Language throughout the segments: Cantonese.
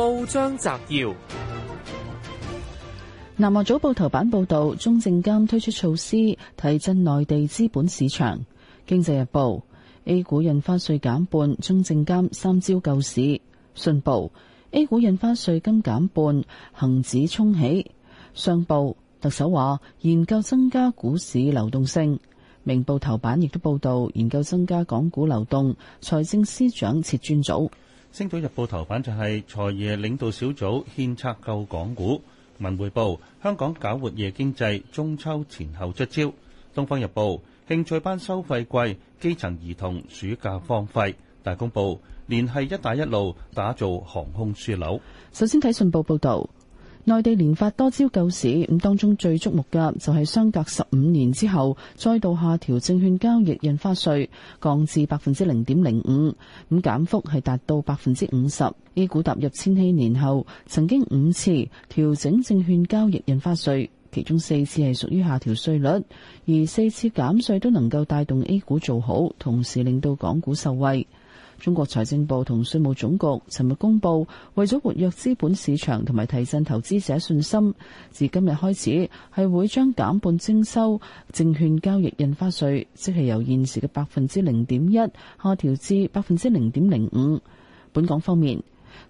報章摘要：南華早報頭版報道，中證監推出措施提振內地資本市場。經濟日報：A 股印花稅減半，中證監三招救市。信報：A 股印花稅今減半，恒指衝起。商報：特首話研究增加股市流動性。明報頭版亦都報道研究增加港股流動，財政司長設專組。《星島日報》頭版就係財爺領導小組獻策救港股，《文匯報》香港搞活夜經濟，中秋前後出招，《東方日報》興趣班收費貴，基層兒童暑假荒廢，《大公報》連繫“一帶一路”打造航空樞紐。首先睇信報報道。內地連發多招救市，咁當中最矚目嘅就係相隔十五年之後再度下調證券交易印花稅，降至百分之零點零五，咁減幅係達到百分之五十。A 股踏入千禧年後，曾經五次調整證券交易印花稅，其中四次係屬於下調稅率，而四次減稅都能夠帶動 A 股做好，同時令到港股受惠。中國財政部同稅務總局尋日公布，為咗活躍資本市場同埋提振投資者信心，自今日開始係會將減半徵收證券交易印花稅，即係由現時嘅百分之零點一下調至百分之零點零五。本港方面，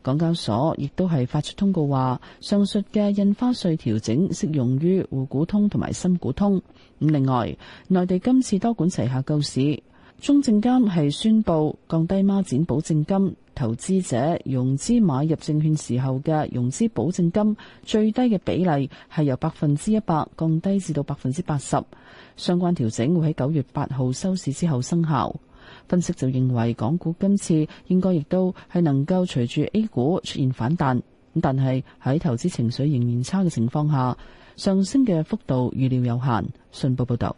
港交所亦都係發出通告話，上述嘅印花稅調整適用於滬股通同埋深股通。咁另外，內地今次多管齊下救市。中證監係宣布降低孖展保證金，投資者融資買入證券時候嘅融資保證金最低嘅比例係由百分之一百降低至到百分之八十。相關調整會喺九月八號收市之後生效。分析就認為，港股今次應該亦都係能夠隨住 A 股出現反彈，咁但係喺投資情緒仍然差嘅情況下，上升嘅幅度預料有限。信報報道。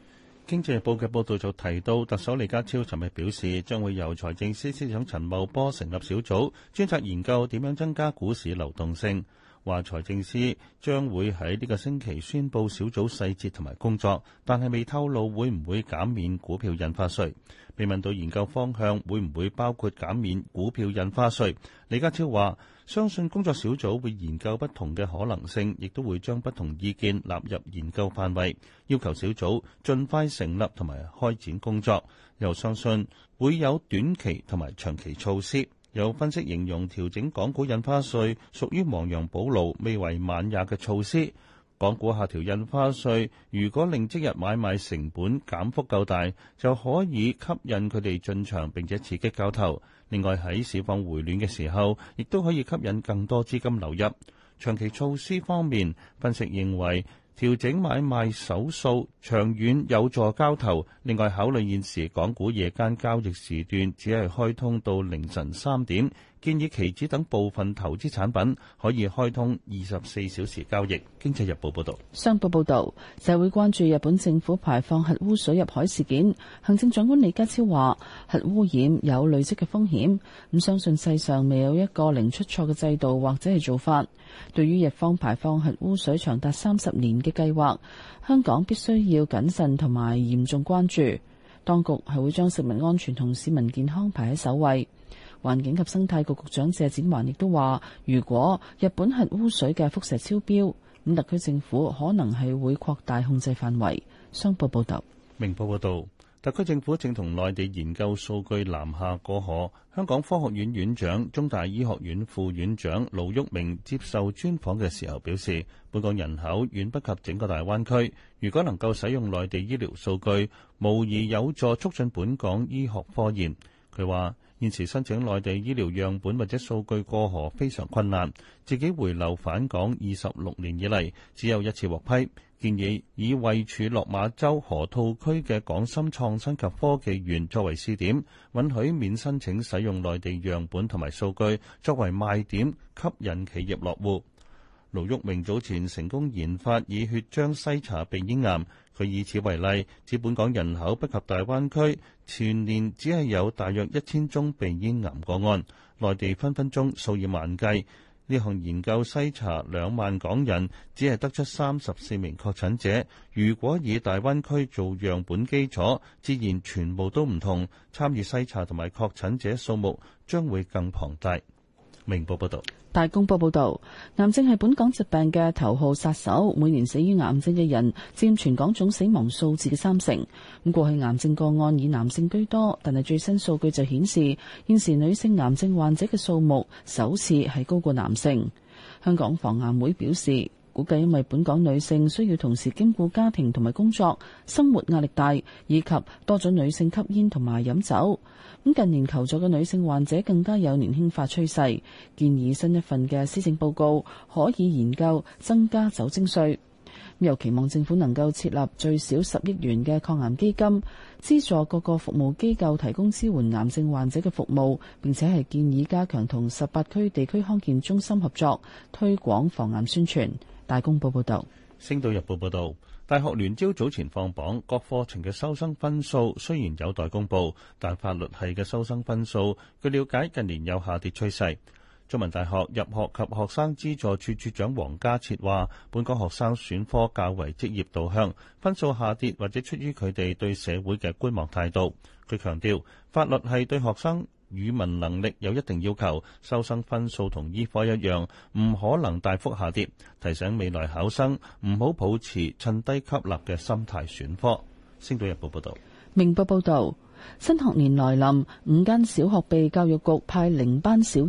《經濟日報》嘅報道就提到，特首李家超尋日表示，將會由財政司司長陳茂波成立小組，專責研究點樣增加股市流動性。話財政司將會喺呢個星期宣佈小組細節同埋工作，但係未透露會唔會減免股票印花稅。被問到研究方向會唔會包括減免股票印花稅，李家超話：相信工作小組會研究不同嘅可能性，亦都會將不同意見納入研究範圍。要求小組盡快成立同埋開展工作，又相信會有短期同埋長期措施。有分析形容調整港股印花稅屬於亡羊補牢、未為晚也嘅措施。港股下調印花稅，如果令即日買賣成本減幅夠大，就可以吸引佢哋進場並且刺激交投。另外喺市況回暖嘅時候，亦都可以吸引更多資金流入。長期措施方面，分析認為。調整買賣手數長遠有助交投。另外考慮現時港股夜間交易時段，只係開通到凌晨三點。建議期指等部分投資產品可以開通二十四小時交易。經濟日報報導，商報報導，社會關注日本政府排放核污水入海事件。行政長官李家超話：核污染有累積嘅風險，咁相信世上未有一個零出錯嘅制度或者係做法。對於日方排放核污水長達三十年嘅計劃，香港必須要謹慎同埋嚴重關注。當局係會將食物安全同市民健康排喺首位。環境及生態局局長謝展環亦都話，如果日本核污水嘅輻射超標，咁特區政府可能係會擴大控制範圍。商報報道：「明報報道，特區政府正同內地研究數據南下過河。香港科學院院長、中大醫學院副院長盧煜明接受專訪嘅時候表示，本港人口遠不及整個大灣區，如果能夠使用內地醫療數據，無疑有助促進本港醫學科研。」佢話。現時申請內地醫療樣本或者數據過河非常困難，自己回流返港二十六年以嚟只有一次獲批。建議以位處落馬洲河套區嘅港深創新及科技園作為試點，允許免申請使用內地樣本同埋數據作為賣點，吸引企業落戶。盧煜明早前成功研發以血漿篩查鼻咽癌。佢以此為例，指本港人口不及大灣區，全年只係有大約一千宗鼻咽癌個案，內地分分鐘數以萬計。呢項研究篩查兩萬港人，只係得出三十四名確診者。如果以大灣區做樣本基礎，自然全部都唔同。參與篩查同埋確診者數目將會更龐大。明報報道，大公報報道，癌症係本港疾病嘅頭號殺手，每年死於癌症嘅人佔全港總死亡數字嘅三成。咁過去癌症個案以男性居多，但係最新數據就顯示，現時女性癌症患者嘅數目首次係高過男性。香港防癌會表示，估計因為本港女性需要同時兼顧家庭同埋工作，生活壓力大，以及多咗女性吸煙同埋飲酒。咁近年求助嘅女性患者更加有年輕化趨勢，建議新一份嘅施政報告可以研究增加酒精稅。又期望政府能夠設立最少十億元嘅抗癌基金，資助各個服務機構提供支援癌症患者嘅服務。並且係建議加強同十八區地區康健中心合作，推廣防癌宣傳。大公報報道，《星島日報》報道，大學聯招早前放榜，各課程嘅收生分數雖然有待公佈，但法律系嘅收生分數據了解近年有下跌趨勢。中文大學入學及學生資助處處長黃家徹話，本港學生選科較為職業導向，分數下跌或者出於佢哋對社會嘅觀望態度。佢強調，法律系對學生語文能力有一定要求，收生分數同醫科一樣，唔可能大幅下跌。提醒未來考生唔好保持趁低吸納嘅心態選科。星島日報報道。明報報導。新學年來臨，五間小學被教育局派零班小一，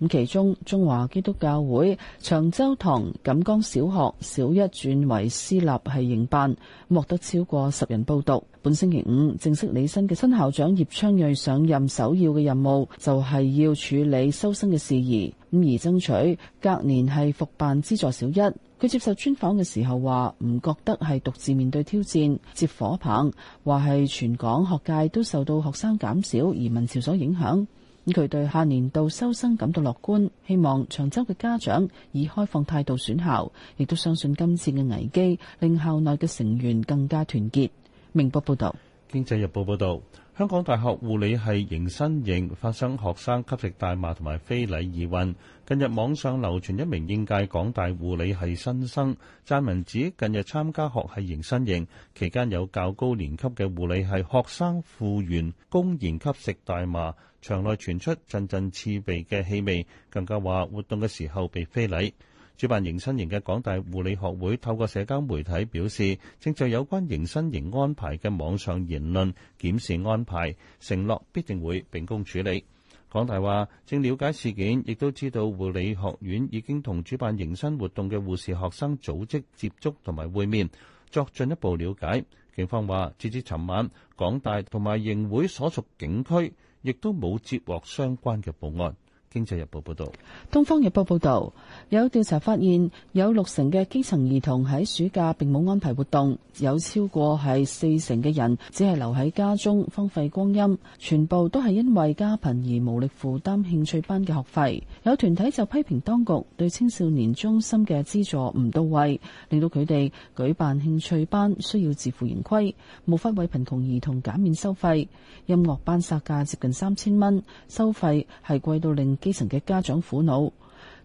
咁其中中華基督教會長洲堂錦江小學小一轉為私立係營辦，獲得超過十人報讀。本星期五正式履新嘅新校長葉昌瑞上任，首要嘅任務就係、是、要處理收生嘅事宜，咁而爭取隔年係復辦資助小一。佢接受專訪嘅時候話唔覺得係獨自面對挑戰，接火棒，話係全港學界。都受到學生減少、移民潮所影響，咁佢對下年度收生感到樂觀，希望長洲嘅家長以開放態度選校，亦都相信今次嘅危機令校內嘅成員更加團結。明報報道。經濟日報報導，香港大學護理系迎新營發生學生吸食大麻同埋非禮疑雲。近日網上流傳一名應屆港大護理系新生撰文指，近日參加學系迎新營期間，有較高年級嘅護理系學生附員公然吸食大麻，場內傳出陣陣刺鼻嘅氣味，更加話活動嘅時候被非禮。主辦迎新營嘅港大護理學會透過社交媒體表示，正就有關迎新營安排嘅網上言論檢視安排，承諾必定會秉公處理。港大話正了解事件，亦都知道護理學院已經同主辦迎新活動嘅護士學生組織接觸同埋會面，作進一步了解。警方話，截至尋晚，港大同埋營會所屬警區亦都冇接獲相關嘅報案。經濟日報報道，東方日報報道，有調查發現，有六成嘅基層兒童喺暑假並冇安排活動，有超過係四成嘅人只係留喺家中荒廢光陰，全部都係因為家貧而無力負擔興趣班嘅學費。有團體就批評當局對青少年中心嘅資助唔到位，令到佢哋舉辦興趣班需要自負盈虧，無法為貧窮兒童減免收費。音樂班殺價接近三千蚊，收費係貴到令。基層嘅家長苦惱，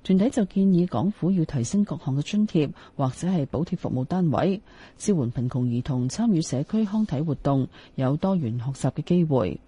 團體就建議港府要提升各項嘅津貼，或者係補貼服務單位，支援貧窮兒童參與社區康體活動，有多元學習嘅機會。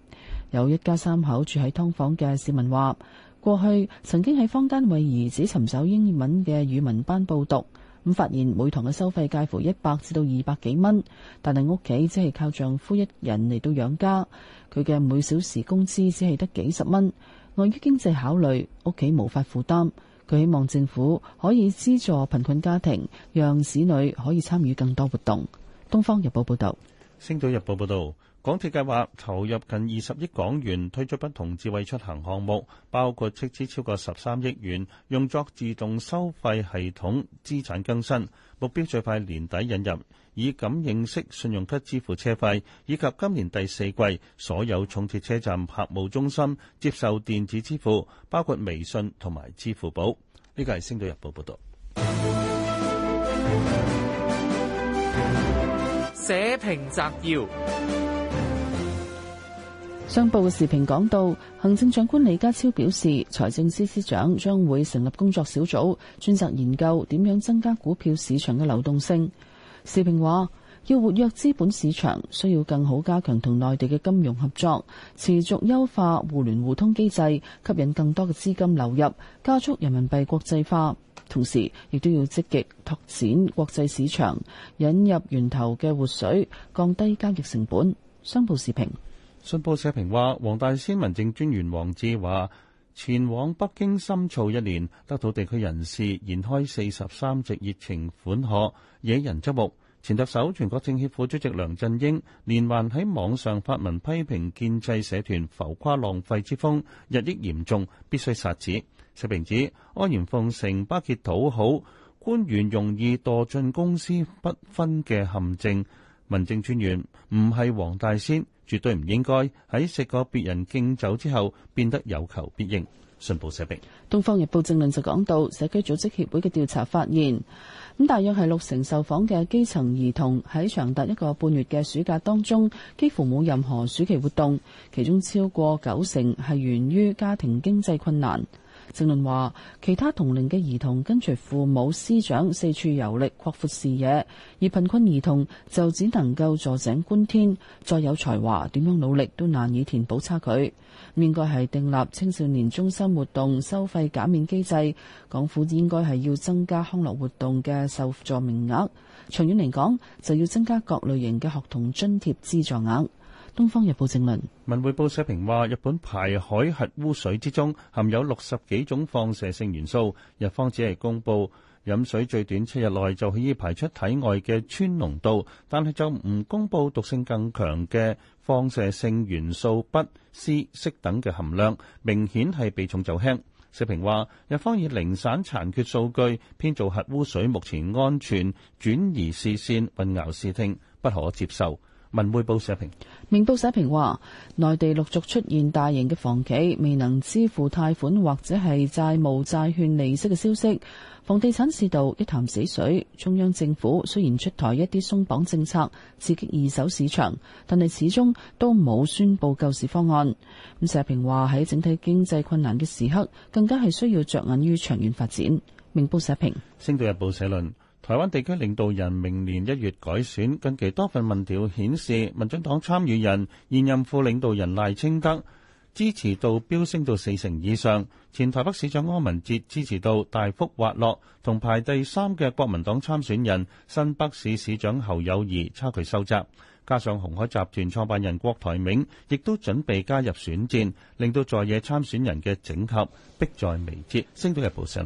有一家三口住喺劏房嘅市民話，過去曾經喺坊間為兒子尋找英文嘅語文班報讀，咁發現每堂嘅收費介乎一百至到二百幾蚊，但係屋企只係靠丈夫一人嚟到養家，佢嘅每小時工資只係得幾十蚊。礙於經濟考慮，屋企無法負擔。佢希望政府可以資助貧困家庭，讓子女可以參與更多活動。《東方日報》報道，《星島日報》報道，港鐵計劃投入近二十億港元推出不同智慧出行項目，包括斥資超過十三億元用作自動收費系統資產更新，目標最快年底引入。以感應式信用卡支付車費，以及今年第四季所有重鐵車站客務中心接受電子支付，包括微信同埋支付寶。呢個係《星島日報》報道。社評摘要。商報嘅視頻講到，行政長官李家超表示，財政司司長將會成立工作小組，專責研究點樣增加股票市場嘅流動性。時評話：要活躍資本市場，需要更好加強同內地嘅金融合作，持續優化互聯互通機制，吸引更多嘅資金流入，加速人民幣國際化。同時，亦都要積極拓展國際市場，引入源頭嘅活水，降低交易成本。商報時評，信報社評話，黃大仙民政專員黃志華話。前往北京深造一年，得到地區人士延開四十三席熱情款賀，惹人側目。前特首全國政協副主席梁振英連環喺網上發文批評建制社團浮誇浪費之風日益嚴重，必須殺止。社評指，安然奉承巴結討好，官員容易墮進公私不分嘅陷阱。民政專員唔係黃大仙。絕對唔應該喺食過別人敬酒之後變得有求必應。信報社評，《東方日報》正論就講到，社區組織協會嘅調查發現，咁大約係六成受訪嘅基層兒童喺長達一個半月嘅暑假當中，幾乎冇任何暑期活動，其中超過九成係源於家庭經濟困難。正論話，其他同齡嘅兒童跟隨父母師長四處遊歷，擴闊視野；而貧困兒童就只能夠坐井觀天。再有才華，點樣努力都難以填補差距。應該係訂立青少年中心活動收費減免機制，港府應該係要增加康樂活動嘅受助名額。長遠嚟講，就要增加各類型嘅學童津貼資助額。《東方日報》正論，文匯報社評話：日本排海核污水之中含有六十幾種放射性元素，日方只係公布飲水最短七日內就可以排出體外嘅氚濃度，但係就唔公佈毒性更強嘅放射性元素鈽、鍶、銫等嘅含量，明顯係避重就輕。社評話：日方以零散殘缺數據編造核污水目前安全，轉移視線，混淆視聽，不可接受。文匯報社評：明報社評話，內地陸續出現大型嘅房企未能支付貸款或者係債務債券利息嘅消息，房地產市道一潭死水。中央政府雖然出台一啲鬆綁政策刺激二手市場，但係始終都冇宣布救市方案。咁社評話，喺整體經濟困難嘅時刻，更加係需要着眼於長遠發展。明報社評。星島日報社論。台灣地區領導人明年一月改選，近期多份民調顯示，民進黨參與人現任副領導人賴清德支持度飆升到四成以上，前台北市長柯文哲支持度大幅滑落，同排第三嘅國民黨參選人新北市市長侯友宜差距收窄，加上鴻海集團創辦人郭台銘亦都準備加入選戰，令到在野參選人嘅整合迫在眉睫。星島日報上。